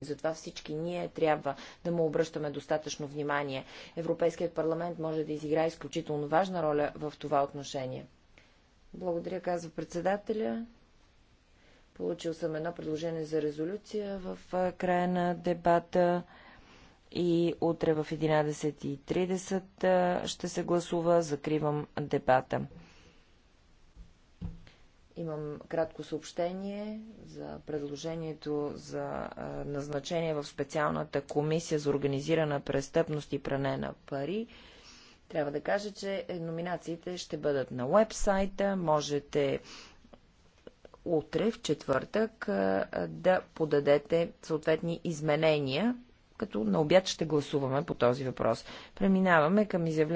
Затова всички ние трябва да му обръщаме достатъчно внимание. Европейският парламент може да изиграе изключително важна роля в това отношение. Благодаря, казва председателя. Получил съм едно предложение за резолюция в края на дебата и утре в 11.30 ще се гласува. Закривам дебата. Имам кратко съобщение за предложението за назначение в специалната комисия за организирана престъпност и пране на пари. Трябва да кажа, че е, номинациите ще бъдат на вебсайта. Можете утре, в четвъртък, да подадете съответни изменения, като на обяд ще гласуваме по този въпрос. Преминаваме към изявление.